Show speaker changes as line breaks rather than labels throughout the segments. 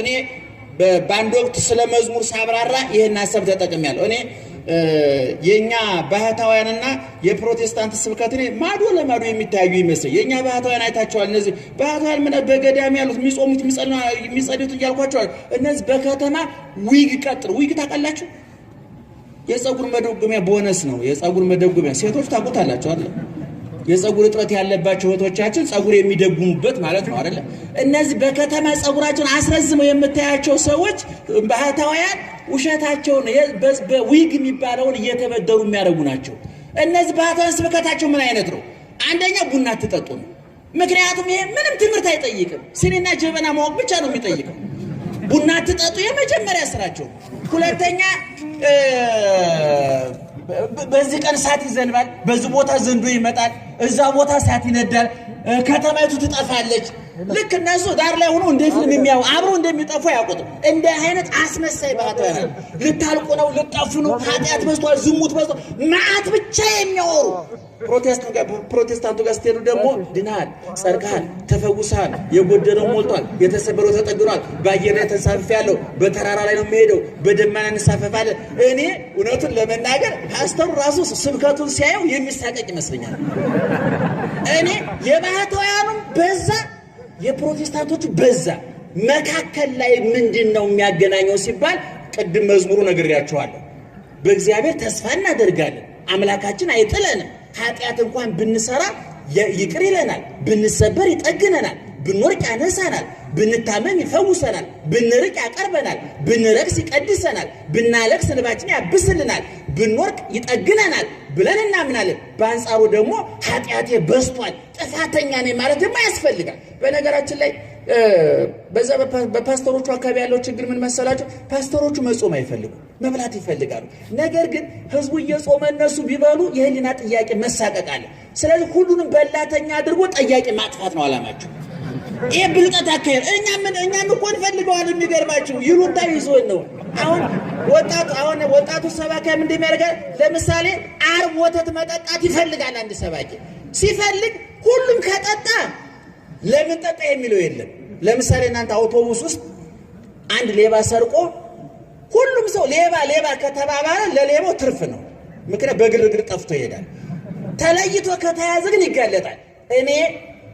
እኔ በአንድ ወቅት ስለ መዝሙር ሳብራራ ይህን ሀሳብ ተጠቅሜያለሁ። እኔ የእኛ ባህታውያንና የፕሮቴስታንት ስብከት ማዶ ለማዶ የሚታዩ ይመስል የእኛ ባህታውያን አይታቸዋል። እነዚህ ባህታውያን ምን በገዳሚ ያሉት የሚጾሙት የሚጸዱት እያልኳቸዋል። እነዚህ በከተማ ዊግ ቀጥር ዊግ ታውቃላችሁ? የፀጉር መደጎሚያ ቦነስ ነው። የፀጉር መደጎሚያ ሴቶች ታውቁታላችሁ አለ የፀጉር እጥረት ያለባቸው እህቶቻችን ፀጉር የሚደጉሙበት ማለት ነው አይደለም። እነዚህ በከተማ ፀጉራቸውን አስረዝመው የምታያቸው ሰዎች ባህታውያን ውሸታቸውን በዊግ የሚባለውን እየተበደሩ የሚያደርጉ ናቸው። እነዚህ ባህታውያን ስብከታቸው ምን አይነት ነው? አንደኛ ቡና አትጠጡ ነው። ምክንያቱም ይሄ ምንም ትምህርት አይጠይቅም። ሲኒና ጀበና ማወቅ ብቻ ነው የሚጠይቀው። ቡና አትጠጡ የመጀመሪያ ስራቸው። ሁለተኛ በዚህ ቀን እሳት ይዘንባል፣ በዚህ ቦታ ዘንዶ ይመጣል፣ እዛ ቦታ እሳት ይነዳል፣ ከተማይቱ ትጠፋለች። ልክ እነሱ ዳር ላይ ሆኖ እንደ ፊልም የሚያው አብሮ እንደሚጠፉ ያውቁት። እንደ አይነት አስመሳይ ባህታውያን ልታልቁ ነው፣ ልጠፉ ነው፣ ኃጢአት በዝቷል፣ ዝሙት በዝቷል፣ መዓት ብቻ የሚያወሩ ፕሮቴስታንቱ ጋር ስትሄዱ ደግሞ ድናል፣ ጸርቃል፣ ተፈውሰሃል፣ የጎደለው ሞልቷል፣ የተሰበረው ተጠግኗል፣ በአየር ላይ ተንሳፈፍ ያለው በተራራ ላይ ነው የሚሄደው፣ በደመና እንሳፈፋለን። እኔ እውነቱን ለመናገር ፓስተሩ ራሱ ስብከቱን ሲያየው የሚሳቀቅ ይመስለኛል። እኔ የባህታውያኑም በዛ የፕሮቴስታንቶቹ በዛ መካከል ላይ ምንድን ነው የሚያገናኘው ሲባል ቅድም መዝሙሩ ነግሬያችኋለሁ። በእግዚአብሔር ተስፋ እናደርጋለን፣ አምላካችን አይጥለንም። ኃጢአት እንኳን ብንሰራ ይቅር ይለናል፣ ብንሰበር ይጠግነናል፣ ብንወርቅ ያነሳናል፣ ብንታመም ይፈውሰናል፣ ብንርቅ ያቀርበናል፣ ብንረክስ ይቀድሰናል፣ ብናለቅስ እንባችን ያብስልናል፣ ብንወርቅ ይጠግነናል ብለን እናምናለን። በአንጻሩ ደግሞ ኃጢአቴ በስቷል፣ ጥፋተኛ ነኝ ማለት ማ ያስፈልጋል። በነገራችን ላይ በዛ በፓስተሮቹ አካባቢ ያለው ችግር ምን መሰላቸው? ፓስተሮቹ መጾም አይፈልጉ መብላት ይፈልጋሉ። ነገር ግን ህዝቡ እየጾመ እነሱ ቢበሉ የህሊና ጥያቄ መሳቀቅ አለ። ስለዚህ ሁሉንም በላተኛ አድርጎ ጠያቂ ማጥፋት ነው አላማቸው። ይህ ብልቀት አካሄድ እኛ ምን እኛም እኮ እንፈልገዋል። የሚገርማችሁ ይሉንታ ይዞን ነው። አሁን ወጣቱ አሁን ወጣቱ ሰባኪ እንደሚያደርጋል። ለምሳሌ አርብ ወተት መጠጣት ይፈልጋል አንድ ሰባኪ ሲፈልግ፣ ሁሉም ከጠጣ ለምን ጠጣ የሚለው የለም። ለምሳሌ እናንተ አውቶቡስ ውስጥ አንድ ሌባ ሰርቆ ሁሉም ሰው ሌባ ሌባ ከተባባለ ለሌባው ትርፍ ነው። ምክንያት በግርግር ጠፍቶ ይሄዳል። ተለይቶ ከተያዘ ግን ይጋለጣል። እኔ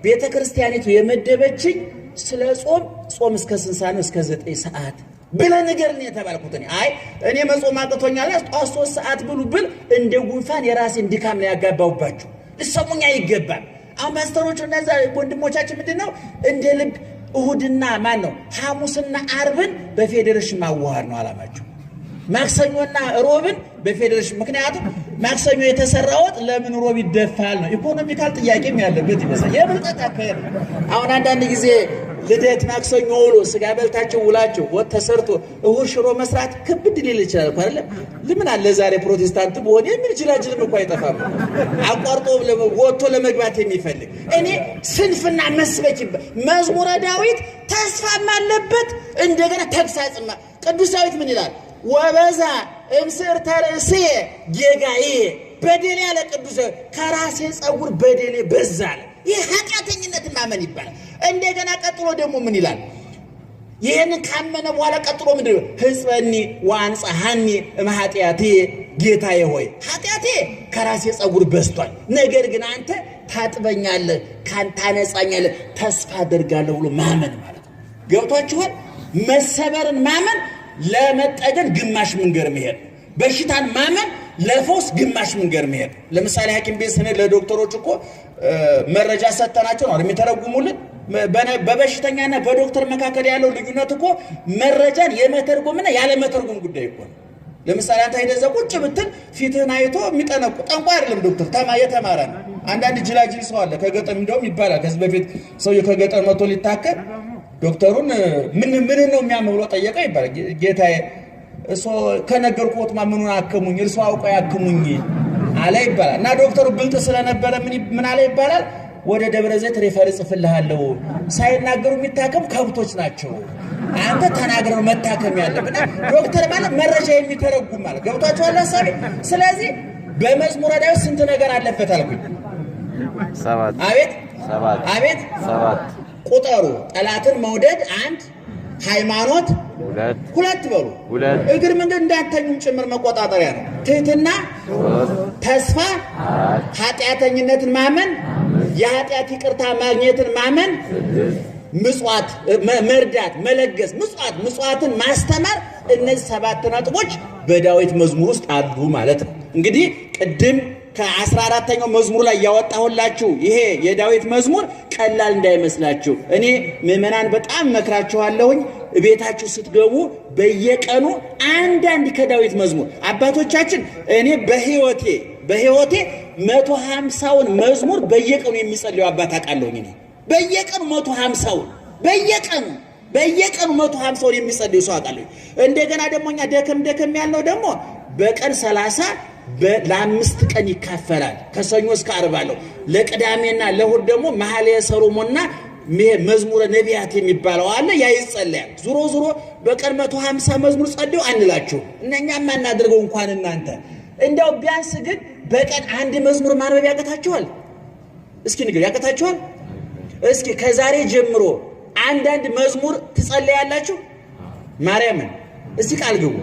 ቤተ ክርስቲያኒቱ የመደበችኝ ስለ ጾም ጾም እስከ ስንት ነው? እስከ ዘጠኝ ሰዓት ብለ ነገር ነው የተባልኩት። እኔ አይ እኔ መጾም አቅቶኛል ጠዋት ሶስት ሰዓት ብሉ ብል እንደ ጉንፋን የራሴን ድካም ላይ ያጋባውባችሁ ልሰሙኝ ይገባል። አሁን ፓስተሮቹ እነዛ ወንድሞቻችን ምንድን ነው እንደ ልብ እሁድና ማን ነው ሐሙስና አርብን በፌዴሬሽን ማዋሃድ ነው አላማቸው። ማክሰኞና ሮብን በፌዴሬሽን ምክንያቱም ማክሰኞ የተሰራ ወጥ ለምን ሮብ ይደፋል ነው ኢኮኖሚካል ጥያቄም ያለበት ይመስላል። የብልጠት አካሄድ አሁን አንዳንድ ጊዜ ልደት ማክሰኞ ውሎ ስጋ በልታቸው ውላቸው ወጥ ተሰርቶ እሁድ ሽሮ መስራት ክብድ ሊል ይችላል እኮ አይደለም። ልምን አለ ዛሬ ፕሮቴስታንት በሆነ የሚል ጅላጅልም እኮ አይጠፋም። አቋርጦ ወጥቶ ለመግባት የሚፈልግ እኔ ስንፍና መስበክ መዝሙረ ዳዊት ተስፋም አለበት እንደገና ተግሳጽማ ቅዱስ ዳዊት ምን ይላል? ወበዛ እምስር ተርእሴ ጌጋዬ በደሌ ያለ ቅዱስ ከራሴ ጸጉር በደሌ በዛ አለ። ይህ ኃጢአተኝነት ማመን ይባላል። እንደገና ቀጥሎ ደግሞ ምን ይላል? ይህን ካመነ በኋላ ቀጥሎ ምንድን ነው? ዋንፀሃኒ ወአንጽሐኒ እምኃጢአቴ ጌታዬ ሆይ ኃጢአቴ ከራሴ ጸጉር በዝቷል፣ ነገር ግን አንተ ታጥበኛለህ፣ ታነጻኛለህ፣ ተስፋ አደርጋለሁ ብሎ ማመን ማለት ነው። ገብቷችኋል? መሰበርን ማመን ለመጠገን ግማሽ መንገድ መሄድ፣ በሽታን ማመን ለፈውስ ግማሽ መንገድ መሄድ። ለምሳሌ ሐኪም ቤት ስንሄድ ለዶክተሮች እኮ መረጃ ሰጠናቸው ነው የሚተረጉሙልን። በበሽተኛና በዶክተር መካከል ያለው ልዩነት እኮ መረጃን የመተርጎምና ያለመተርጎም ጉዳይ እኮ ነው። ለምሳሌ አንተ ሄደህ እዛ ቁጭ ብትል ፊትህን አይቶ የሚጠነቁ ጠንቋ አይደለም ዶክተር ተማ የተማረ ነው። አንዳንድ ጅላጅል ሰው አለ ከገጠም እንደውም ይባላል። ከዚህ በፊት ሰውዬው ከገጠር መቶ ሊታከል ዶክተሩን ምን ምን ነው የሚያምህ ብሎ ጠየቀ ይባላል። ጌታዬ እሶ ከነገርኩት ምኑን አክሙኝ እርሶ አውቀ ያክሙኝ አለ ይባላል። እና ዶክተሩ ብልጥ ስለነበረ ምን አለ ይባላል ወደ ደብረ ዘይት ሪፈር ጽፍልሃለሁ። ሳይናገሩ የሚታከም ከብቶች ናቸው። አንተ ተናግረው መታከም ያለብና ዶክተር ማለት መረጃ የሚተረጉም ማለት ገብቷችኋል ሀሳቤ። ስለዚህ በመዝሙረ ዳዊት ስንት ነገር አለበት አልኩኝ። አቤት አቤት ሰባት ቁጠሩ። ጠላትን መውደድ አንድ፣ ሃይማኖት ሁለት በሉ። እግር ምንድን እንዳተኙም ጭምር መቆጣጠሪያ ነው። ትህትና ተስፋ፣ ኃጢአተኝነትን ማመን፣ የኃጢአት ይቅርታ ማግኘትን ማመን፣ ምጽዋት መርዳት፣ መለገስ፣ ምጽዋት ምጽዋትን ማስተማር እነዚህ ሰባት ነጥቦች በዳዊት መዝሙር ውስጥ አሉ ማለት ነው። እንግዲህ ቅድም ከአስራ አራተኛው መዝሙር ላይ ያወጣሁላችሁ ይሄ የዳዊት መዝሙር ቀላል እንዳይመስላችሁ። እኔ ምዕመናን በጣም መክራችኋለሁኝ። ቤታችሁ ስትገቡ በየቀኑ አንዳንድ ከዳዊት መዝሙር አባቶቻችን እኔ በህይወቴ በህይወቴ መቶ ሀምሳውን መዝሙር በየቀኑ የሚጸልዩ አባት አውቃለሁኝ። እኔ በየቀኑ መቶ ሀምሳውን በየቀኑ በየቀኑ መቶ ሀምሳውን የሚጸልዩ ሰው አውቃለሁኝ። እንደገና ደግሞ እኛ ደከም ደከም ያልነው ደግሞ በቀን ሰላሳ ለአምስት ቀን ይካፈላል። ከሰኞ እስከ አርባ ነው። ለቅዳሜና ለሁድ ደግሞ መሐሌ ሰሎሞንና መዝሙረ ነቢያት የሚባለው አለ። ያ ይጸለያል። ዙሮ ዙሮ በቀን መቶ ሀምሳ መዝሙር ጸደው አንላችሁ እነኛ ማናደርገው እንኳን እናንተ እንዲያው ቢያንስ ግን በቀን አንድ መዝሙር ማንበብ ያቀታችኋል? እስኪ ንገር ያቀታችኋል? እስኪ ከዛሬ ጀምሮ አንዳንድ መዝሙር ትጸለያላችሁ። ማርያምን እስኪ ቃል ግቡ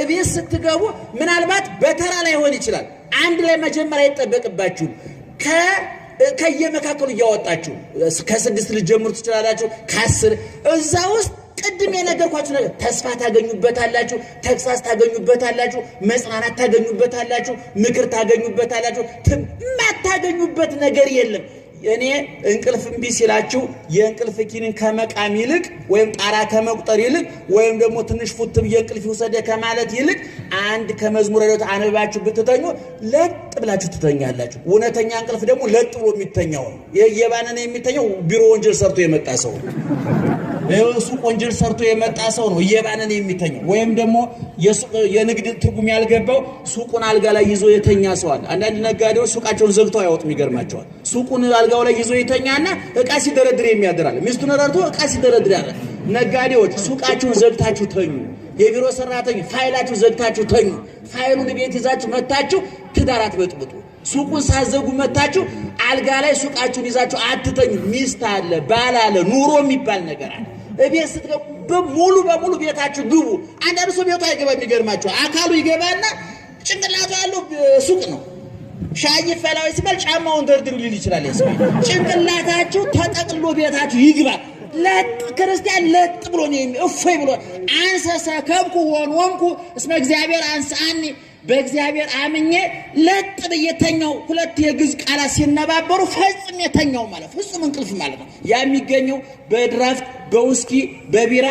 እቤት ስትገቡ ምናልባት በተራ ላይሆን ይችላል። አንድ ላይ መጀመር አይጠበቅባችሁም። ከየመካከሉ እያወጣችሁ ከስድስት ልጀምሩ ትችላላችሁ። ከአስር እዛ ውስጥ ቅድም የነገርኳችሁ ነገር ተስፋ ታገኙበታላችሁ፣ ተግሳስ ታገኙበታላችሁ፣ መጽናናት ታገኙበታላችሁ፣ ምክር ታገኙበታላችሁ። የማታገኙበት ነገር የለም። እኔ እንቅልፍ እምቢ ሲላችሁ የእንቅልፍ ኪንን ከመቃም ይልቅ ወይም ጣራ ከመቁጠር ይልቅ ወይም ደግሞ ትንሽ ፉት ብዬ እንቅልፍ ይውሰደ ከማለት ይልቅ አንድ ከመዝሙረ ዳዊት አንብባችሁ ብትተኙ ለጥ ብላችሁ ትተኛላችሁ። እውነተኛ እንቅልፍ ደግሞ ለጥ ብሎ የሚተኛው ነው። የሚተኛው ቢሮ ወንጀል ሰርቶ የመጣ ሰው በሱቅ ወንጀል ሰርቶ የመጣ ሰው ነው እየባነን የሚተኛው። ወይም ደግሞ የንግድ ትርጉም ያልገባው ሱቁን አልጋ ላይ ይዞ የተኛ ሰው አለ። አንዳንድ ነጋዴዎች ሱቃቸውን ዘግተው አያወጡም፣ ይገርማቸዋል። ሱቁን አልጋው ላይ ይዞ የተኛና እቃ ሲደረድር የሚያደራል። ሚስቱን ረድቶ እቃ ሲደረድር ያለ ነጋዴዎች ሱቃችሁን ዘግታችሁ ተኙ። የቢሮ ሰራተኞች ፋይላችሁ ዘግታችሁ ተኙ። ፋይሉን ቤት ይዛችሁ መታችሁ ትዳር አትበጥብጡ። ሱቁን ሳዘጉ መታችሁ አልጋ ላይ ሱቃችሁን ይዛችሁ አትተኙ። ሚስት አለ፣ ባል አለ፣ ኑሮ የሚባል ነገር አለ። እቤት ስትገቡ ሙሉ በሙሉ ቤታችሁ ግቡ። አንዳንድ ሰው ቤቱ አይገባ፣ የሚገርማቸው አካሉ ይገባና ጭንቅላቱ ያለው ሱቅ ነው። ሻይ ፈላዊ ሲባል ጫማውን ደርድሩ ሊል ይችላል። ስ ጭንቅላታችሁ ተጠቅሎ ቤታችሁ ይግባ። ለጥ ክርስቲያን ለጥ ብሎ እፎይ ብሎ አንሰሰ ከብኩ ወንወንኩ እስመ እግዚአብሔር አንስአኒ በእግዚአብሔር አምኜ ለጥ ብዬ ሁለት የግዕዝ ቃላት ሲነባበሩ ፈጽም የተኛው ማለት ፍጹም እንቅልፍ ማለት ነው። ያ የሚገኘው በድራፍት በውስኪ በቢራ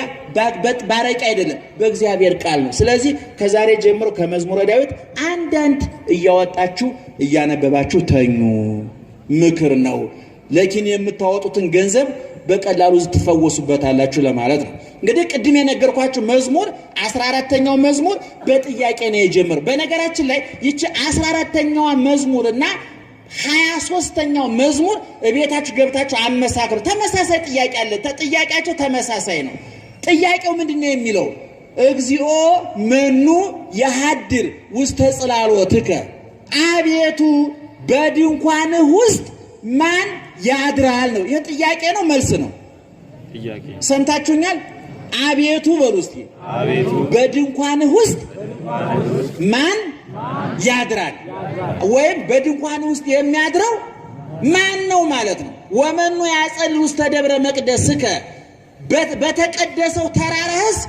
በጥ ባረቂ አይደለም፣ በእግዚአብሔር ቃል ነው። ስለዚህ ከዛሬ ጀምሮ ከመዝሙረ ዳዊት አንዳንድ እያወጣችሁ እያነበባችሁ ተኙ። ምክር ነው። ለኪን የምታወጡትን ገንዘብ በቀላሉ ትፈወሱበታላችሁ ለማለት ነው። እንግዲህ ቅድም የነገርኳችሁ መዝሙር አስራ አራተኛው መዝሙር በጥያቄ ነው የጀመረው። በነገራችን ላይ ይቺ አስራ አራተኛዋ መዝሙር እና ሀያ ሶስተኛው መዝሙር እቤታችሁ ገብታችሁ አመሳክሩ። ተመሳሳይ ጥያቄ አለ። ጥያቄያቸው ተመሳሳይ ነው። ጥያቄው ምንድን ነው የሚለው እግዚኦ መኑ የሃድር ውስተ ጽላሎትከ፣ አቤቱ በድንኳንህ ውስጥ ማን ያድራል ነው። ይህ ጥያቄ ነው፣ መልስ ነው። ሰምታችሁኛል? አቤቱ በሉ እስኪ በድንኳንህ ውስጥ ማን ያድራል? ወይም በድንኳን ውስጥ የሚያድረው ማን ነው ማለት ነው። ወመኑ ያጸል ውስተ ደብረ መቅደስከ በተቀደሰው ተራራህስ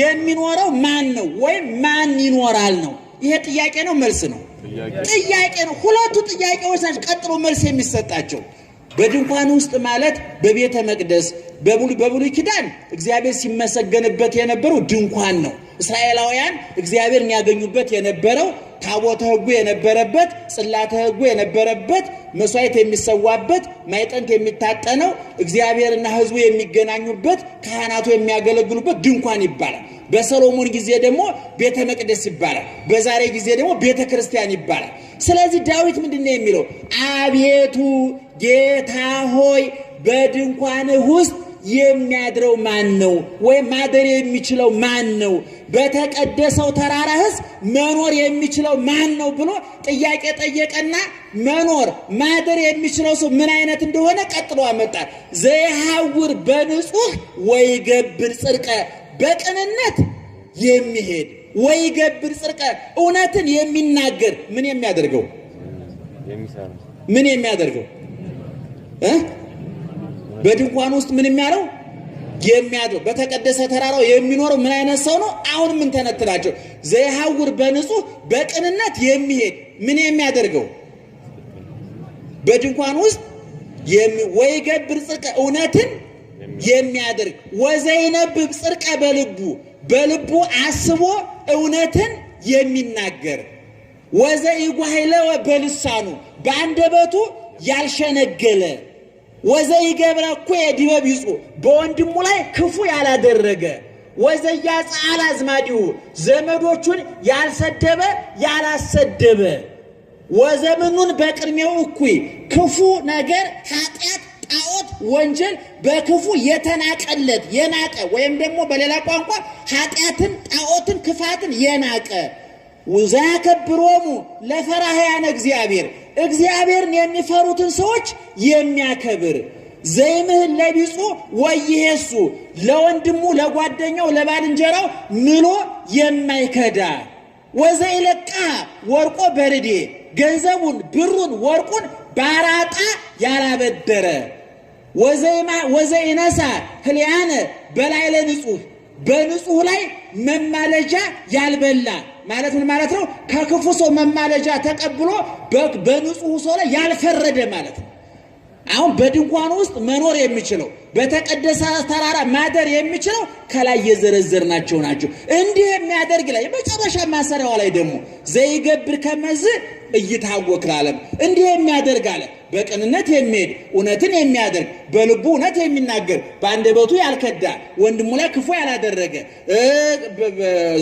የሚኖረው ማን ነው ወይም ማን ይኖራል ነው። ይሄ ጥያቄ ነው፣ መልስ ነው። ጥያቄ ነው። ሁለቱ ጥያቄዎች ናቸው። ቀጥሎ መልስ የሚሰጣቸው በድንኳን ውስጥ ማለት በቤተ መቅደስ በብሉይ ኪዳን እግዚአብሔር ሲመሰገንበት የነበረው ድንኳን ነው። እስራኤላውያን እግዚአብሔር ያገኙበት የነበረው ታቦተ ሕጉ የነበረበት ጽላተ ሕጉ የነበረበት መስዋዕት የሚሰዋበት ማይጠንት የሚታጠነው እግዚአብሔርና ሕዝቡ የሚገናኙበት ካህናቱ የሚያገለግሉበት ድንኳን ይባላል። በሰሎሞን ጊዜ ደግሞ ቤተ መቅደስ ይባላል። በዛሬ ጊዜ ደግሞ ቤተ ክርስቲያን ይባላል። ስለዚህ ዳዊት ምንድን ነው የሚለው? አቤቱ ጌታ ሆይ በድንኳንህ ውስጥ የሚያድረው ማን ነው? ወይም ማደር የሚችለው ማን ነው? በተቀደሰው ተራራህስ መኖር የሚችለው ማን ነው ብሎ ጥያቄ ጠየቀና መኖር ማደር የሚችለው ሰው ምን አይነት እንደሆነ ቀጥሎ አመጣል። ዘይሐውር በንጹህ ወይገብር ጽድቀ በቅንነት የሚሄድ ወይ ገብር ጽርቀ እውነትን የሚናገር ምን የሚያደርገው ምን የሚያደርገው በድንኳን ውስጥ ምን የሚያደርገው የሚያድረው በተቀደሰ ተራራው የሚኖረው ምን አይነት ሰው ነው? አሁን ምን ተነትላቸው ዘይሐውር በንጹህ በቅንነት የሚሄድ ምን የሚያደርገው በድንኳን ውስጥ ወይ ገብር ጽርቀ እውነትን የሚያደርግ ወዘይነብብ ጽድቀ በልቡ በልቡ አስቦ እውነትን የሚናገር ወዘኢጓሂለወ በልሳኑ በአንደበቱ ያልሸነገለ ወዘኢገብረ እኩየ ዲበ ቢጹ በወንድሙ ላይ ክፉ ያላደረገ ወዘያጽአል አዝማዲሁ ዘመዶቹን ያልሰደበ ያላሰደበ ወዘምኑን በቅድሜው እኩይ ክፉ ነገር ኃጢአት ጣኦት ወንጀል በክፉ የተናቀለት የናቀ ወይም ደግሞ በሌላ ቋንቋ ኃጢአትን፣ ጣዖትን፣ ክፋትን የናቀ ዘያከብሮሙ ለፈራህያነ እግዚአብሔር እግዚአብሔርን የሚፈሩትን ሰዎች የሚያከብር ዘይምህን ለቢጹ ወይሄሱ ለወንድሙ ለጓደኛው ለባልንጀራው ምሎ የማይከዳ ወዘይለቃ ወርቆ በርዴ ገንዘቡን ብሩን ወርቁን ባራጣ ያላበደረ ወዘይነሳ ህሊያነ በላይለ ንጹህ በንጹህ ላይ መማለጃ ያልበላ ማለት ምን ማለት ነው? ከክፉ ሰው መማለጃ ተቀብሎ በንጹህ ሰው ላይ ያልፈረደ ማለት ነው። አሁን በድንኳኑ ውስጥ መኖር የሚችለው በተቀደሰ ተራራ ማደር የሚችለው ከላይ የዘረዘርናቸው ናቸው። እንዲህ የሚያደርግ ላይ መጨረሻ ማሰሪያዋ ላይ ደግሞ ዘይገብር ከመዝ እይታወክ ላለም እንዲህ የሚያደርግ አለ። በቅንነት የሚሄድ እውነትን የሚያደርግ በልቡ እውነት የሚናገር በአንደበቱ ያልከዳ ወንድሙ ላይ ክፉ ያላደረገ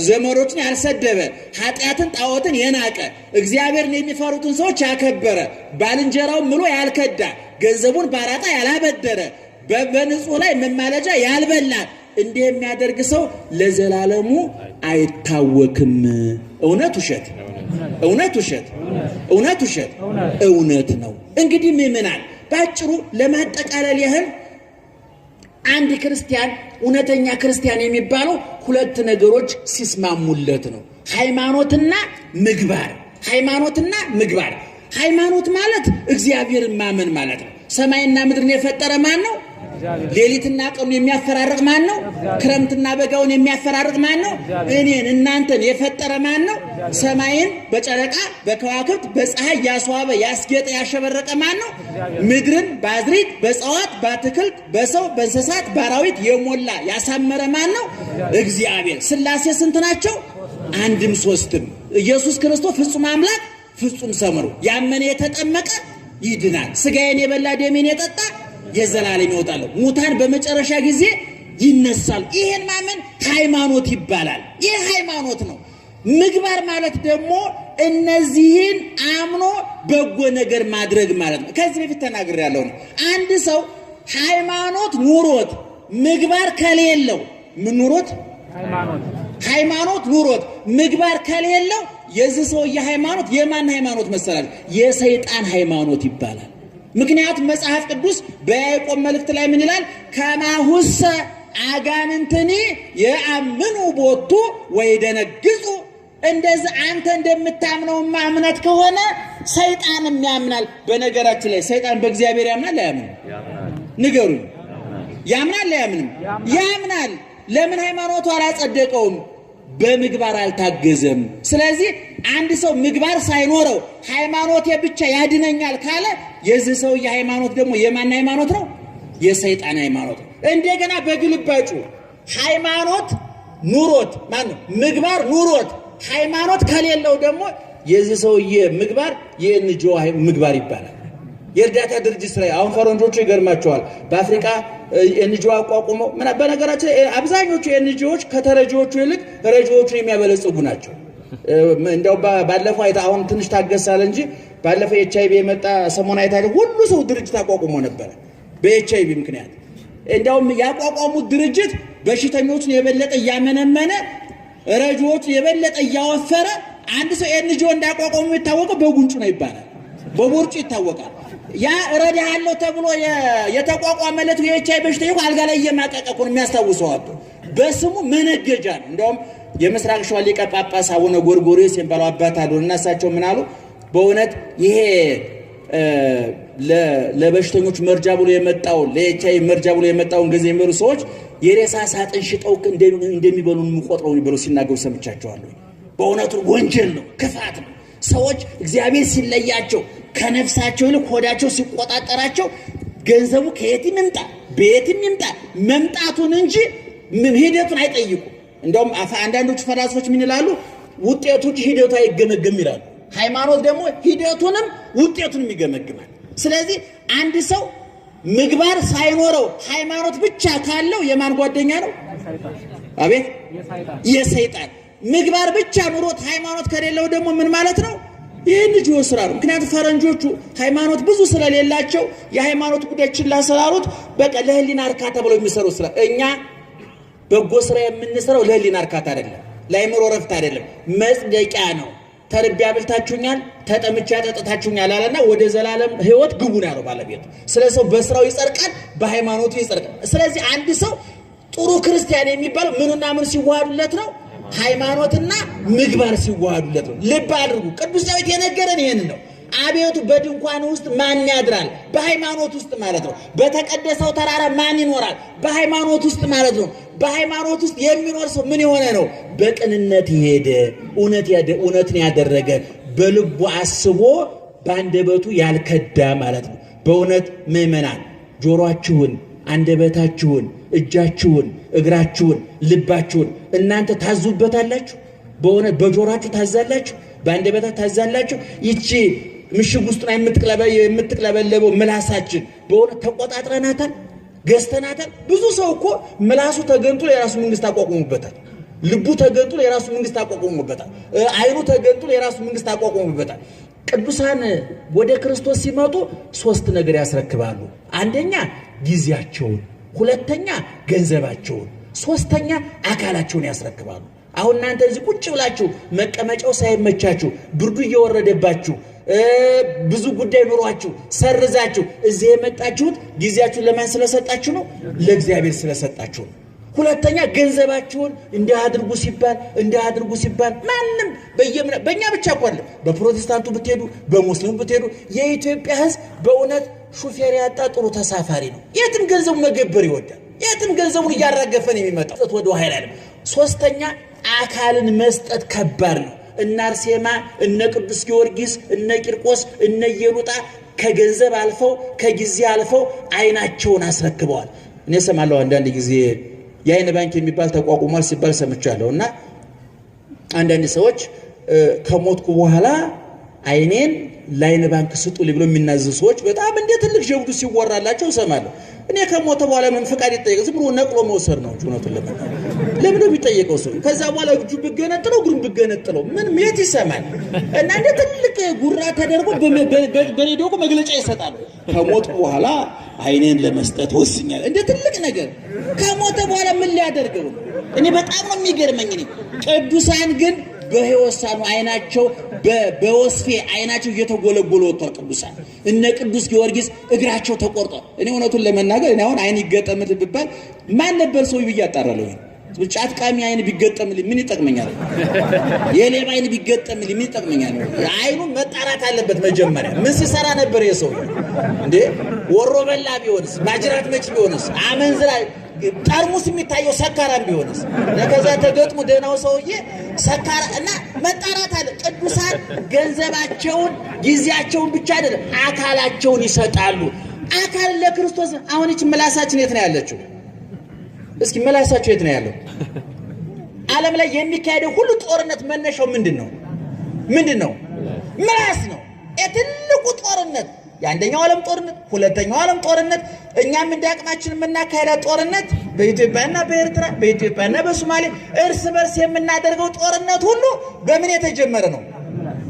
ዘመዶችን ያልሰደበ ኃጢአትን፣ ጣዖትን የናቀ እግዚአብሔርን የሚፈሩትን ሰዎች ያከበረ ባልንጀራውን ምሎ ያልከዳ ገንዘቡን ባራጣ ያላበደረ በንጹህ ላይ መማለጃ ያልበላል እንዲህ የሚያደርግ ሰው ለዘላለሙ አይታወክም። እውነት ውሸት፣ እውነት ውሸት፣ እውነት ውሸት፣ እውነት ነው። እንግዲህ ምዕመናን በአጭሩ ለማጠቃለል ያህል አንድ ክርስቲያን እውነተኛ ክርስቲያን የሚባለው ሁለት ነገሮች ሲስማሙለት ነው። ሃይማኖትና ምግባር፣ ሃይማኖትና ምግባር። ሃይማኖት ማለት እግዚአብሔርን ማመን ማለት ነው። ሰማይና ምድርን የፈጠረ ማን ነው? ሌሊትና ቀኑ የሚያፈራርቅ ማን ነው? ክረምትና በጋውን የሚያፈራርቅ ማን ነው? እኔን እናንተን የፈጠረ ማን ነው? ሰማይን በጨረቃ በከዋክብት በፀሐይ ያስዋበ ያስጌጠ ያሸበረቀ ማን ነው? ምድርን በአዝሪት በእጽዋት በአትክልት በሰው በእንስሳት በአራዊት የሞላ ያሳመረ ማን ነው? እግዚአብሔር። ስላሴ ስንት ናቸው? አንድም ሶስትም። ኢየሱስ ክርስቶስ ፍጹም አምላክ ፍጹም ሰምሩ። ያመነ የተጠመቀ ይድናል። ስጋዬን የበላ ደሜን የጠጣ የዘላለም ይወጣለሁ፣ ሙታን በመጨረሻ ጊዜ ይነሳሉ። ይህን ማመን ሃይማኖት ይባላል። ይህ ሃይማኖት ነው። ምግባር ማለት ደግሞ እነዚህን አምኖ በጎ ነገር ማድረግ ማለት ነው። ከዚህ በፊት ተናግሬ ያለው ነው አንድ ሰው ሃይማኖት ኑሮት ምግባር ከሌለው ምን ኑሮት ሃይማኖት ኑሮት ምግባር ከሌለው የዚህ ሰው የሃይማኖት የማን ሃይማኖት መሰላል? የሰይጣን ሃይማኖት ይባላል። ምክንያቱም መጽሐፍ ቅዱስ በያዕቆብ መልእክት ላይ ምን ይላል? ከማሁሰ አጋንንትኒ የአምኑ ቦቱ ወይ ደነግጹ። እንደዚህ አንተ እንደምታምነው እምነት ከሆነ ሰይጣንም ያምናል። በነገራችን ላይ ሰይጣን በእግዚአብሔር ያምናል አያምንም? ንገሩ። ያምናል አያምንም? ያምናል። ለምን ሃይማኖቱ አላጸደቀውም? በምግባር አልታገዘም። ስለዚህ አንድ ሰው ምግባር ሳይኖረው ሃይማኖቴ ብቻ ያድነኛል ካለ የዚህ ሰውዬ ሃይማኖት ደግሞ የማን ሃይማኖት ነው? የሰይጣን ሃይማኖት ነው። እንደገና በግልባጩ ሃይማኖት ኑሮት ማነው ምግባር ኑሮት ሃይማኖት ከሌለው ደግሞ የዚህ ሰውዬ ምግባር የኤንጂኦ ምግባር ይባላል። የእርዳታ ድርጅት ስራ አሁን ፈረንጆቹ ይገርማቸዋል። በአፍሪካ ኤንጂኦ አቋቁመው በነገራችን አብዛኞቹ ኤንጂኦዎች ከተረጂዎቹ ይልቅ ረጂዎቹን የሚያበለጽጉ ናቸው። እንደው ባለፈው አይታ አሁን ትንሽ ታገሳለ እንጂ ባለፈው ኤች አይቪ የመጣ ሰሞን አይታለ ሁሉ ሰው ድርጅት አቋቁሞ ነበረ በኤች አይቪ ምክንያት። እንዲያውም ያቋቋሙት ድርጅት በሽተኞቹን የበለጠ እያመነመነ ረጂዎቹን የበለጠ እያወፈረ፣ አንድ ሰው ኤንጂኦ እንዳቋቋሙ የሚታወቀው በጉንጩ ነው ይባላል፣ በቦርጩ ይታወቃል። ያ እረዳሃለሁ ተብሎ የተቋቋመለት የኤች በሽታ በሽተኞች አልጋ ላይ እየማቀቀ እኮ ነው የሚያስታውሰዋቸው። በስሙ መነገጃ ነው። እንዲያውም የምስራቅ ሸዋ ሊቀ ጳጳስ አቡነ ጎርጎሪዎስ የሚባሉ አባት አሉና እሳቸው ምን አሉ? በእውነት ይሄ ለበሽተኞች መርጃ ብሎ የመጣውን ለኤች አይ መርጃ ብሎ የመጣውን ገንዘብ የሚበሉ ሰዎች የሬሳ ሳጥን ሽጠው እንደሚበሉ የሚቆጥረው ብለው ሲናገሩ ሰምቻቸዋለሁ። በእውነቱ ወንጀል ነው፣ ክፋት ነው። ሰዎች እግዚአብሔር ሲለያቸው ከነፍሳቸው ይልቅ ሆዳቸው ሲቆጣጠራቸው ገንዘቡ ከየት ይምጣ በየት ይምጣ መምጣቱን እንጂ ሂደቱን አይጠይቁም። እንደውም አንዳንዶቹ ፈላስፎች ምን ይላሉ? ውጤቱ ሂደቱ አይገመገም ይላሉ። ሃይማኖት ደግሞ ሂደቱንም ውጤቱንም ይገመግማል። ስለዚህ አንድ ሰው ምግባር ሳይኖረው ሃይማኖት ብቻ ካለው የማን ጓደኛ ነው? አቤት የሰይጣን ምግባር ብቻ ኑሮት ሃይማኖት ከሌለው ደግሞ ምን ማለት ነው? ይህን ልጅ ይወስራሉ። ምክንያቱም ፈረንጆቹ ሃይማኖት ብዙ ስለሌላቸው የሃይማኖት ጉዳይ ችላ ስላሉት በቃ ለህሊና እርካታ ብለው የሚሰሩ ስራ። እኛ በጎ ስራ የምንሰራው ለህሊና እርካታ አይደለም፣ ለአይምሮ ረፍት አይደለም፣ መጽደቂያ ነው። ተርቤ አብልታችሁኛል፣ ተጠምቼ አጠጥታችሁኛል አለና ወደ ዘላለም ህይወት ግቡ ነው ያለው ባለቤቱ። ስለ ሰው በስራው ይጸድቃል፣ በሃይማኖቱ ይጸድቃል። ስለዚህ አንድ ሰው ጥሩ ክርስቲያን የሚባለው ምንና ምን ሲዋሃዱለት ነው? ሃይማኖትና ምግባር ሲዋሃዱለት ነው። ልብ አድርጉ። ቅዱስ ዳዊት የነገረን ይሄንን ነው። አቤቱ በድንኳን ውስጥ ማን ያድራል? በሃይማኖት ውስጥ ማለት ነው። በተቀደሰው ተራራ ማን ይኖራል? በሃይማኖት ውስጥ ማለት ነው። በሃይማኖት ውስጥ የሚኖር ሰው ምን የሆነ ነው? በቅንነት የሄደ እውነትን ያደረገ በልቡ አስቦ በአንደበቱ ያልከዳ ማለት ነው። በእውነት ምዕመናን ጆሮአችሁን፣ አንደበታችሁን፣ እጃችሁን፣ እግራችሁን፣ ልባችሁን እናንተ ታዙበታላችሁ። በእውነት በጆሮአችሁ ታዛላችሁ፣ በአንደበታችሁ ታዛላችሁ። ይቺ ምሽግ ውስጥ ላይ የምትቅለበለበው ምላሳችን በሆነ ተቆጣጥረናታል፣ ገዝተናታል። ብዙ ሰው እኮ ምላሱ ተገንጥሎ የራሱ መንግስት አቋቁሙበታል። ልቡ ተገንጥሎ የራሱ መንግስት አቋቁሙበታል። አይኑ ተገንጥሎ የራሱ መንግስት አቋቁሙበታል። ቅዱሳን ወደ ክርስቶስ ሲመጡ ሶስት ነገር ያስረክባሉ። አንደኛ ጊዜያቸውን፣ ሁለተኛ ገንዘባቸውን፣ ሶስተኛ አካላቸውን ያስረክባሉ። አሁን እናንተ እዚህ ቁጭ ብላችሁ መቀመጫው ሳይመቻችሁ ብርዱ እየወረደባችሁ ብዙ ጉዳይ ኑሯችሁ ሰርዛችሁ እዚህ የመጣችሁት ጊዜያችሁን ለማን ስለሰጣችሁ ነው? ለእግዚአብሔር ስለሰጣችሁ ነው። ሁለተኛ ገንዘባችሁን እንዲህ አድርጉ ሲባል እንዲህ አድርጉ ሲባል ማንም በየምና በእኛ ብቻ ኳለ በፕሮቴስታንቱ ብትሄዱ፣ በሙስሊሙ ብትሄዱ የኢትዮጵያ ሕዝብ በእውነት ሹፌር ያጣ ጥሩ ተሳፋሪ ነው። የትም ገንዘቡ መገበር ይወዳል። የትም ገንዘቡን እያራገፈን የሚመጣው ወደ ኃይል አይደለም። ሶስተኛ አካልን መስጠት ከባድ ነው። እነ አርሴማ፣ እነ ቅዱስ ጊዮርጊስ፣ እነ ቂርቆስ፣ እነ ኢየሉጣ ከገንዘብ አልፈው ከጊዜ አልፈው አይናቸውን አስረክበዋል። እኔ ሰማለሁ አንዳንድ ጊዜ የአይን ባንክ የሚባል ተቋቁሟል ሲባል ሰምቻለሁ። እና አንዳንድ ሰዎች ከሞትኩ በኋላ አይኔን ላይን ባንክ ስጡልኝ ብሎ የሚናዘዙ ሰዎች በጣም እንደ ትልቅ ጀብዱ ሲወራላቸው እሰማለሁ። እኔ ከሞተ በኋላ ምን ፍቃድ ይጠየቅ? ዝም ብሎ ነቅሎ መውሰድ ነው። እውነቱን ለመ ለምን የሚጠየቀው ሰው? ከዛ በኋላ እጁ ብገነጥለው እግሩን ብገነጥለው ምን የት ይሰማል? እና እንደ ትልቅ ጉራ ተደርጎ በሬዲዮ እኮ መግለጫ ይሰጣል። ከሞት በኋላ አይኔን ለመስጠት ወስኛል። እንደ ትልቅ ነገር ከሞተ በኋላ ምን ሊያደርገው? እኔ በጣም ነው የሚገርመኝ። ቅዱሳን ግን በሕይወሳኑ አይናቸው በወስፌ አይናቸው እየተጎለጎለ ወጥቷል። ቅዱሳን እነ ቅዱስ ጊዮርጊስ እግራቸው ተቆርጧል። እኔ እውነቱን ለመናገር እኔ አሁን አይን ይገጠምት ብባል ማን ነበር ሰው ብዬ አጣራለሁ። ጫት ቃሚ አይን ቢገጠምልኝ ምን ይጠቅመኛል? የሌባ አይን ቢገጠምልኝ ምን ይጠቅመኛል? አይኑ መጣራት አለበት መጀመሪያ። ምን ሲሰራ ነበር የሰው እንዴ? ወሮ በላ ቢሆንስ? ማጅራት መች ቢሆንስ? አመንዝራ ጠርሙስ የሚታየው ሰካራም ቢሆንስ? ከዛ ተገጥሞ ደህናው ሰውዬ ሰካራ እና መጣራት አለ። ቅዱሳን ገንዘባቸውን ጊዜያቸውን ብቻ አይደለም አካላቸውን ይሰጣሉ። አካል ለክርስቶስ አሁን ይች ምላሳችን የት ነው ያለችው? እስኪ ምላሳቸው የት ነው ያለው? ዓለም ላይ የሚካሄደው ሁሉ ጦርነት መነሻው ምንድን ነው? ምንድን ነው? ምላስ ነው። የትልቁ ጦርነት የአንደኛው ዓለም ጦርነት፣ ሁለተኛው ዓለም ጦርነት፣ እኛም እንደ አቅማችን የምናካሄዳት ጦርነት፣ በኢትዮጵያና በኤርትራ በኢትዮጵያና በሶማሌ እርስ በርስ የምናደርገው ጦርነት ሁሉ በምን የተጀመረ ነው?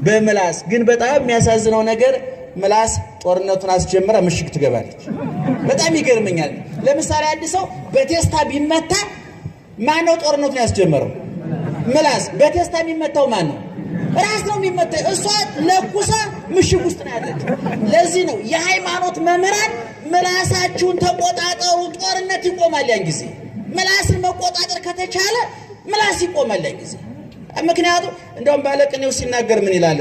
በምላስ። ግን በጣም የሚያሳዝነው ነገር ምላስ ጦርነቱን አስጀምራ ምሽግ ትገባለች። በጣም ይገርመኛል። ለምሳሌ አንድ ሰው በቴስታ ቢመታ ማነው ጦርነቱን ያስጀመረው? ምላስ። በቴስታ የሚመታው ማን ነው? ራስ ነው የሚመታ። እሷ ለኩሳ ምሽግ ውስጥ ነው ያለች። ለዚህ ነው የሃይማኖት መምህራን ምላሳችሁን ተቆጣጠሩ፣ ጦርነት ይቆማል። ያን ጊዜ ምላስን መቆጣጠር ከተቻለ ምላስ ይቆማል። ያን ጊዜ ምክንያቱም እንደውም ባለቅኔው ሲናገር ምን ይላል?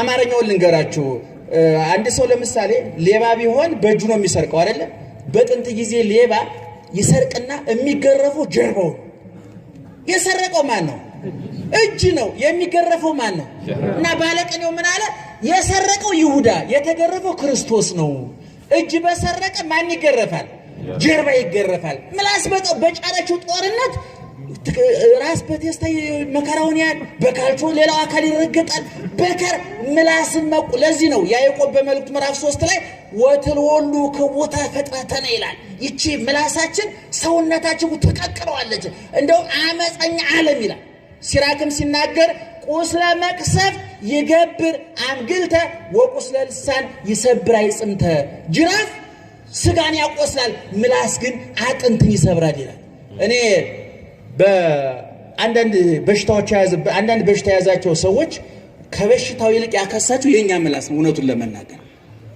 አማርኛውን ልንገራችሁ። አንድ ሰው ለምሳሌ ሌባ ቢሆን በእጁ ነው የሚሰርቀው አይደለ? በጥንት ጊዜ ሌባ ይሰርቅና የሚገረፈው ጀርባው። የሰረቀው ማን ነው? እጅ ነው የሚገረፈው ማን ነው? እና ባለቅኔው ምን አለ? የሰረቀው ይሁዳ የተገረፈው ክርስቶስ ነው። እጅ በሰረቀ ማን ይገረፋል? ጀርባ ይገረፋል። ምላስ በጠው በጫረችው ጦርነት ራስ በቴስታ መከራውን ያህል በካልቾ ሌላው አካል ይረገጣል። በከር ምላስን መቁ ለዚህ ነው ያዕቆብ በመልእክቱ ምዕራፍ ሶስት ላይ ወትል ወትልወሉ ክቡታ ፈጥረተነ ይላል። ይቺ ምላሳችን ሰውነታችን ተቀቅረዋለች። እንደውም አመፀኛ ዓለም ይላል ሲራክም ሲናገር ቁስለ መቅሰፍት ይገብር አንግልተ ወቁስለ ልሳን ይሰብር አይጽምተ። ጅራፍ ስጋን ያቆስላል፣ ምላስ ግን አጥንትን ይሰብራል ይላል። እኔ በአንዳንድ በሽታዎች አንዳንድ በሽታ የያዛቸው ሰዎች ከበሽታው ይልቅ ያከሳቸው የእኛ ምላስ ነው። እውነቱን ለመናገር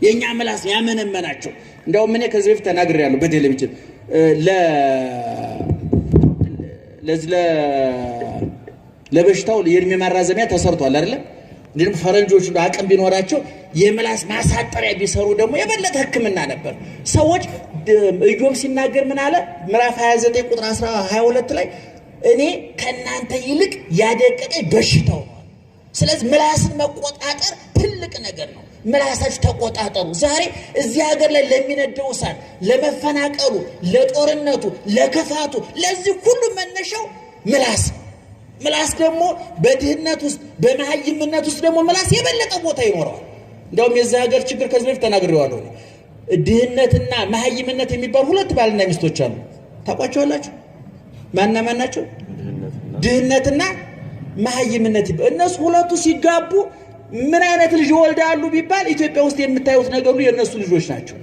የእኛ ምላስ ያመነመናቸው። እንዲያውም እኔ ከዚህ በፊት ያለሁ በቴሌቪዥን ለዚህ ለበሽታው የእድሜ ማራዘሚያ ተሰርቷል አይደለም። እንዲሁም ፈረንጆች አቅም ቢኖራቸው የምላስ ማሳጠሪያ ቢሰሩ ደግሞ የበለጠ ሕክምና ነበር። ሰዎች ኢዮብ ሲናገር ምን አለ? ምዕራፍ 29 ቁጥር 22 ላይ እኔ ከእናንተ ይልቅ ያደቀቀኝ በሽታው ነው። ስለዚህ ምላስን መቆጣጠር ትልቅ ነገር ነው። ምላሳችሁ ተቆጣጠሩ። ዛሬ እዚህ ሀገር ላይ ለሚነደው እሳት፣ ለመፈናቀሉ፣ ለጦርነቱ፣ ለክፋቱ፣ ለዚህ ሁሉ መነሻው ምላስ ምላስ ደግሞ በድህነት ውስጥ በመሀይምነት ውስጥ ደግሞ ምላስ የበለጠ ቦታ ይኖረዋል። እንዲያውም የዚህ ሀገር ችግር ከዚህ በፊት ተናግሬዋለሁ። ድህነትና መሀይምነት የሚባሉ ሁለት ባልና ሚስቶች አሉ። ታውቋቸዋላችሁ? ማና ማን ናቸው? ድህነትና መሀይምነት። እነሱ ሁለቱ ሲጋቡ ምን አይነት ልጅ ወልዳሉ ቢባል ኢትዮጵያ ውስጥ የምታዩት ነገር የእነሱ ልጆች ናቸው።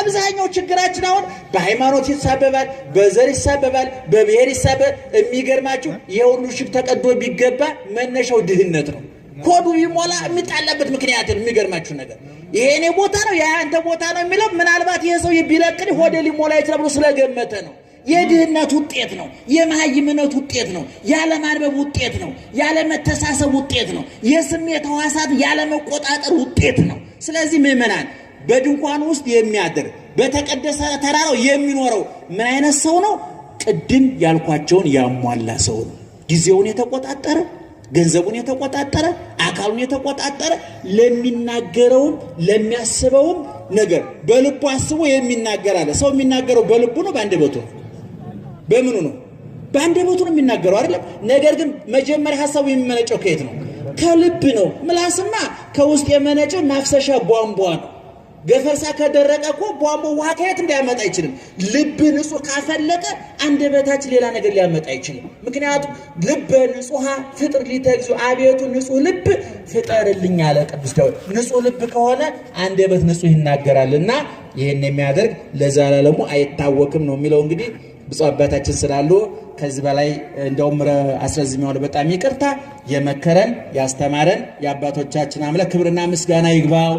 አብዛኛው ችግራችን አሁን በሃይማኖት ይሳበባል፣ በዘር ይሳበባል፣ በብሔር ይሳበባል። የሚገርማችሁ የሁሉ ሽብ ተቀዶ ቢገባ መነሻው ድህነት ነው። ኮዱ ቢሞላ የሚጣላበት ምክንያት ነው። የሚገርማችሁ ነገር ይሄ እኔ ቦታ ነው ያ ቦታ ነው የሚለው ምናልባት ይህ ሰው ቢለቅን ሆደ ሊሞላ ይችላል ብሎ ስለገመተ ነው። የድህነት ውጤት ነው። የመሃይምነት ውጤት ነው። ያለማንበብ ውጤት ነው። ያለመተሳሰብ ውጤት ነው። የስሜት ሕዋሳት ያለመቆጣጠር ውጤት ነው። ስለዚህ ምእመናን በድንኳን ውስጥ የሚያድር በተቀደሰ ተራራው የሚኖረው ምን አይነት ሰው ነው? ቅድም ያልኳቸውን ያሟላ ሰው ነው። ጊዜውን የተቆጣጠረ፣ ገንዘቡን የተቆጣጠረ፣ አካሉን የተቆጣጠረ፣ ለሚናገረውም ለሚያስበውም ነገር በልቡ አስቦ የሚናገር አለ። ሰው የሚናገረው በልቡ ነው በአንደበቱ ነው? በምኑ ነው? በአንደበቱ ነው የሚናገረው አይደለም። ነገር ግን መጀመሪያ ሀሳቡ የሚመነጨው ከየት ነው? ከልብ ነው። ምላስማ ከውስጥ የመነጨው ማፍሰሻ ቧንቧ ነው። ገፈርሳ ከደረቀ እኮ ቧንቧ ውሃ ከየት እንዳያመጣ አይችልም። ልብ ንጹህ ካፈለቀ አንድ በታች ሌላ ነገር ሊያመጣ አይችልም። ምክንያቱም ልበ ንጹሃ ፍጥር ሊተግዙ አቤቱ ንጹህ ልብ ፍጠርልኝ አለ ቅዱስ ዳዊት። ንጹህ ልብ ከሆነ አንድ በት ንጹህ ይናገራል እና ይህን የሚያደርግ ለዘላለሙ አይታወክም ነው የሚለው እንግዲህ ብፁዕ አባታችን ስላሉ ከዚህ በላይ እንደውም አስረዝሚዋለሁ። በጣም ይቅርታ። የመከረን ያስተማረን የአባቶቻችን አምላክ ክብርና ምስጋና ይግባው።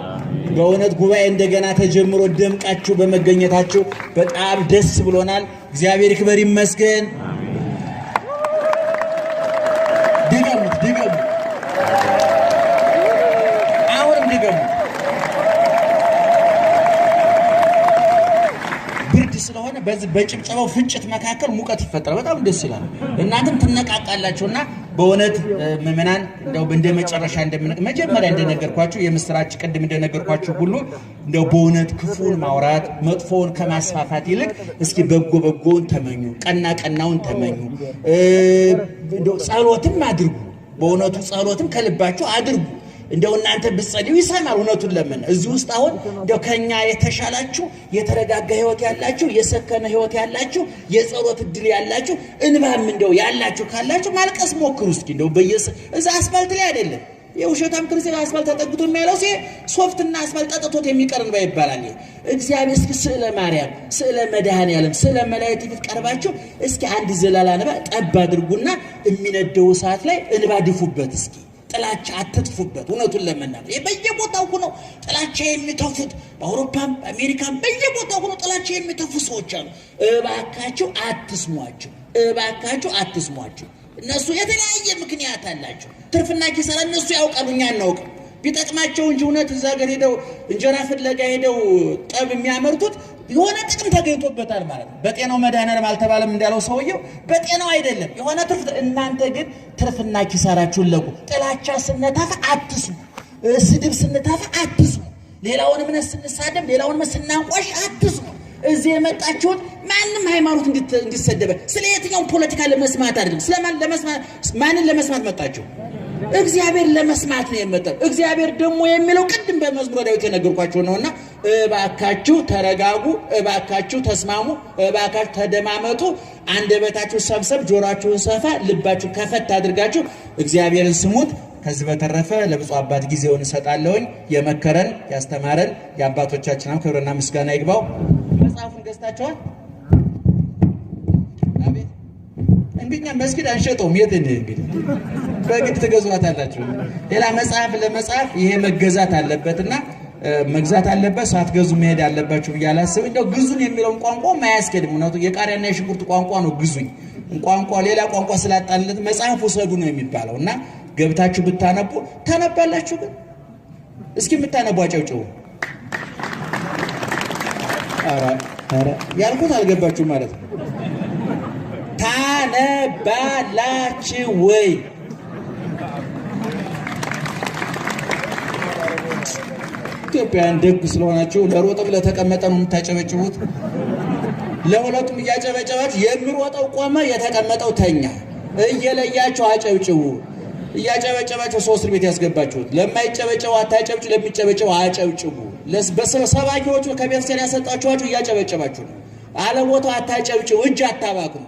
በእውነት ጉባኤ እንደገና ተጀምሮ ደምቃችሁ በመገኘታችሁ በጣም ደስ ብሎናል። እግዚአብሔር ክበር ይመስገን። ድገሙት፣ ድገሙት፣ አሁንም ድገሙት። ብርድ ስለሆነ በዚህ በጭብጨባው ፍጭት መካከል ሙቀት ይፈጠራል። በጣም ደስ ይላል። እናንተም ትነቃቃላችሁና በእውነት ምእመናን እንደው እንደ መጨረሻ መጀመሪያ እንደነገርኳችሁ የምስራች ቅድም እንደነገርኳችሁ ሁሉ እንደው በእውነት ክፉን ማውራት መጥፎውን ከማስፋፋት ይልቅ እስኪ በጎ በጎውን ተመኙ፣ ቀና ቀናውን ተመኙ፣ ጸሎትም አድርጉ። በእውነቱ ጸሎትም ከልባችሁ አድርጉ። እንደው እናንተ ብትጸልዩ ይሰማል። እውነቱን ለምን እዚህ ውስጥ አሁን እንደው ከኛ የተሻላችሁ የተረጋጋ ህይወት ያላችሁ የሰከነ ህይወት ያላችሁ የጸሎት እድል ያላችሁ እንባም እንደው ያላችሁ ካላችሁ ማልቀስ ሞክሩ እስኪ። እንደው በየስ እዛ አስፋልት ላይ አይደለም የውሸታም ክርስቲያን አስፋልት ተጠግቶ የሚያለው ሲ ሶፍትና አስፋልት ጠጥቶት የሚቀር እንባ ይባላል። እግዚአብሔር እስኪ ስዕለ ማርያም፣ ስዕለ መድኃኔዓለም፣ ስዕለ መላእክት ፊት ቀርባችሁ እስኪ አንድ ዘላላ እንባ ጠብ አድርጉና የሚነደው ሰዓት ላይ እንባ ድፉበት እስኪ ጥላቻ አትጥፉበት። እውነቱን ለመናገር በየቦታው ሁነው ጥላቻ የሚተፉት በአውሮፓም በአሜሪካም በየቦታው ሆነው ጥላቻ የሚተፉ ሰዎች አሉ። እባካችሁ አትስሟቸው፣ እባካችሁ አትስሟቸው። እነሱ የተለያየ ምክንያት አላቸው። ትርፍና ኪሳራ እነሱ ያውቃሉ፣ እኛ አናውቅም። ቢጠቅማቸው እንጂ እውነት እዛ ሀገር ሄደው እንጀራ ፍለጋ ሄደው ጠብ የሚያመርቱት የሆነ ጥቅም ተገኝቶበታል ማለት ነው። በጤናው መድኃኔዓለም አልተባለም እንዳለው ሰውየው በጤናው አይደለም የሆነ ትርፍ። እናንተ ግን ትርፍና ኪሳራችሁን ለቁ። ጥላቻ ስነታፍ አትስሙ፣ ስድብ ስነታፍ አትስሙ፣ ሌላውን እምነት ስንሳደብ፣ ሌላውን ስናንቆሽ ስናንቋሽ አትስሙ። እዚህ የመጣችሁት ማንም ሃይማኖት እንዲሰደበ ስለ ፖለቲካ ለመስማት አይደለም። ስለማን ለመስማት ማንን ለመስማት መጣችሁ? እግዚአብሔር ለመስማት ነው የመጣው። እግዚአብሔር ደግሞ የሚለው ቅድም በመዝሙረ ዳዊት የነገርኳቸው ነውና እባካችሁ ተረጋጉ፣ እባካችሁ ተስማሙ፣ እባካችሁ ተደማመጡ፣ አንደበታችሁ ሰብሰብ፣ ጆሮአችሁን ሰፋ፣ ልባችሁ ከፈት አድርጋችሁ እግዚአብሔርን ስሙት። ከዚህ በተረፈ ለብፁዕ አባት ጊዜውን እሰጣለሁኝ። የመከረን ያስተማረን የአባቶቻችን ክብርና ምስጋና ይግባው። መጽሐፉን ገዝታችኋል? እንግኛ መስጊድ አንሸጠውም። የት እንግዲህ በግድ ትገዟታላችሁ። ሌላ መጽሐፍ ለመጽሐፍ ይሄ መገዛት አለበትና መግዛት አለበት። ሳትገዙ መሄድ አለባችሁ ብዬ አላስብም። እንደው ግዙን የሚለውን ቋንቋ ማያስኬድም። እውነቱ የቃሪያና የሽንኩርት ቋንቋ ነው። ግዙኝ ቋንቋ ሌላ ቋንቋ ስላጣለት መጽሐፍ ውሰዱ ነው የሚባለው እና ገብታችሁ ብታነቡ ታነባላችሁ። ግን እስኪ የምታነቡ አጨብጭቡ። ያልኩት አልገባችሁ ማለት ነው። ታነባላችሁ ወይ? ኢትዮጵያውያን ደግ ስለሆናችሁ ለሮጥም ለተቀመጠ ነው የምታጨበጭቡት። ለሁለቱም እያጨበጨባችሁ የሚሮጠው ቆመ፣ የተቀመጠው ተኛ። እየለያችሁ አጨብጭቡ። እያጨበጨባችሁ ሰው እስር ቤት ያስገባችሁት ለማይጨበጨቡ አታጨብጭቡ፣ ለሚጨበጨቡ አጨብጭቡ። በሰባኪዎቹ ከቤተክርስቲያን ያሰጣችኋችሁ እያጨበጨባችሁ ነው። አለቦታው አታጨብጭቡ፣ እጅ አታባክኑ።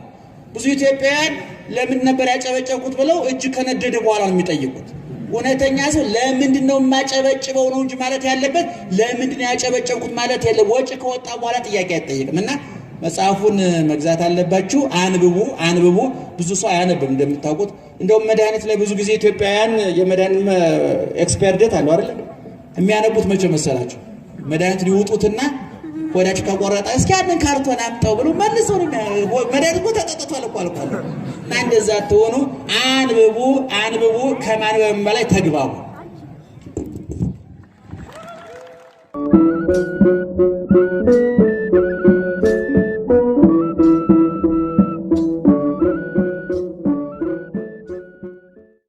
ብዙ ኢትዮጵያውያን ለምን ነበር ያጨበጨቡት ብለው እጅ ከነደደ በኋላ ነው የሚጠይቁት። እውነተኛ ሰው ለምንድን ነው የማጨበጭበው ነው እንጂ ማለት ያለበት ለምንድን ነው ያጨበጨብኩት ማለት ያለ ወጪ ከወጣ በኋላ ጥያቄ አይጠይቅም። እና መጽሐፉን መግዛት አለባችሁ። አንብቡ አንብቡ። ብዙ ሰው አያነብም እንደምታውቁት። እንደውም መድኃኒት ላይ ብዙ ጊዜ ኢትዮጵያውያን የመድኃኒት ኤክስፓየር ዴት አለ አይደለም የሚያነቡት መቼ መሰላቸው መድኃኒት ሊውጡትና ወዳጅ ከቆረጠ እስኪ ያንን ካርቶን አምጣው ብሎ መልሶ መዳጅ እኮ ተጠጥቷል እኮ አልኳል። እና እንደዛ ትሆኑ አንብቡ፣ አንብቡ ከማንበብም በላይ ተግባቡ። Thank you.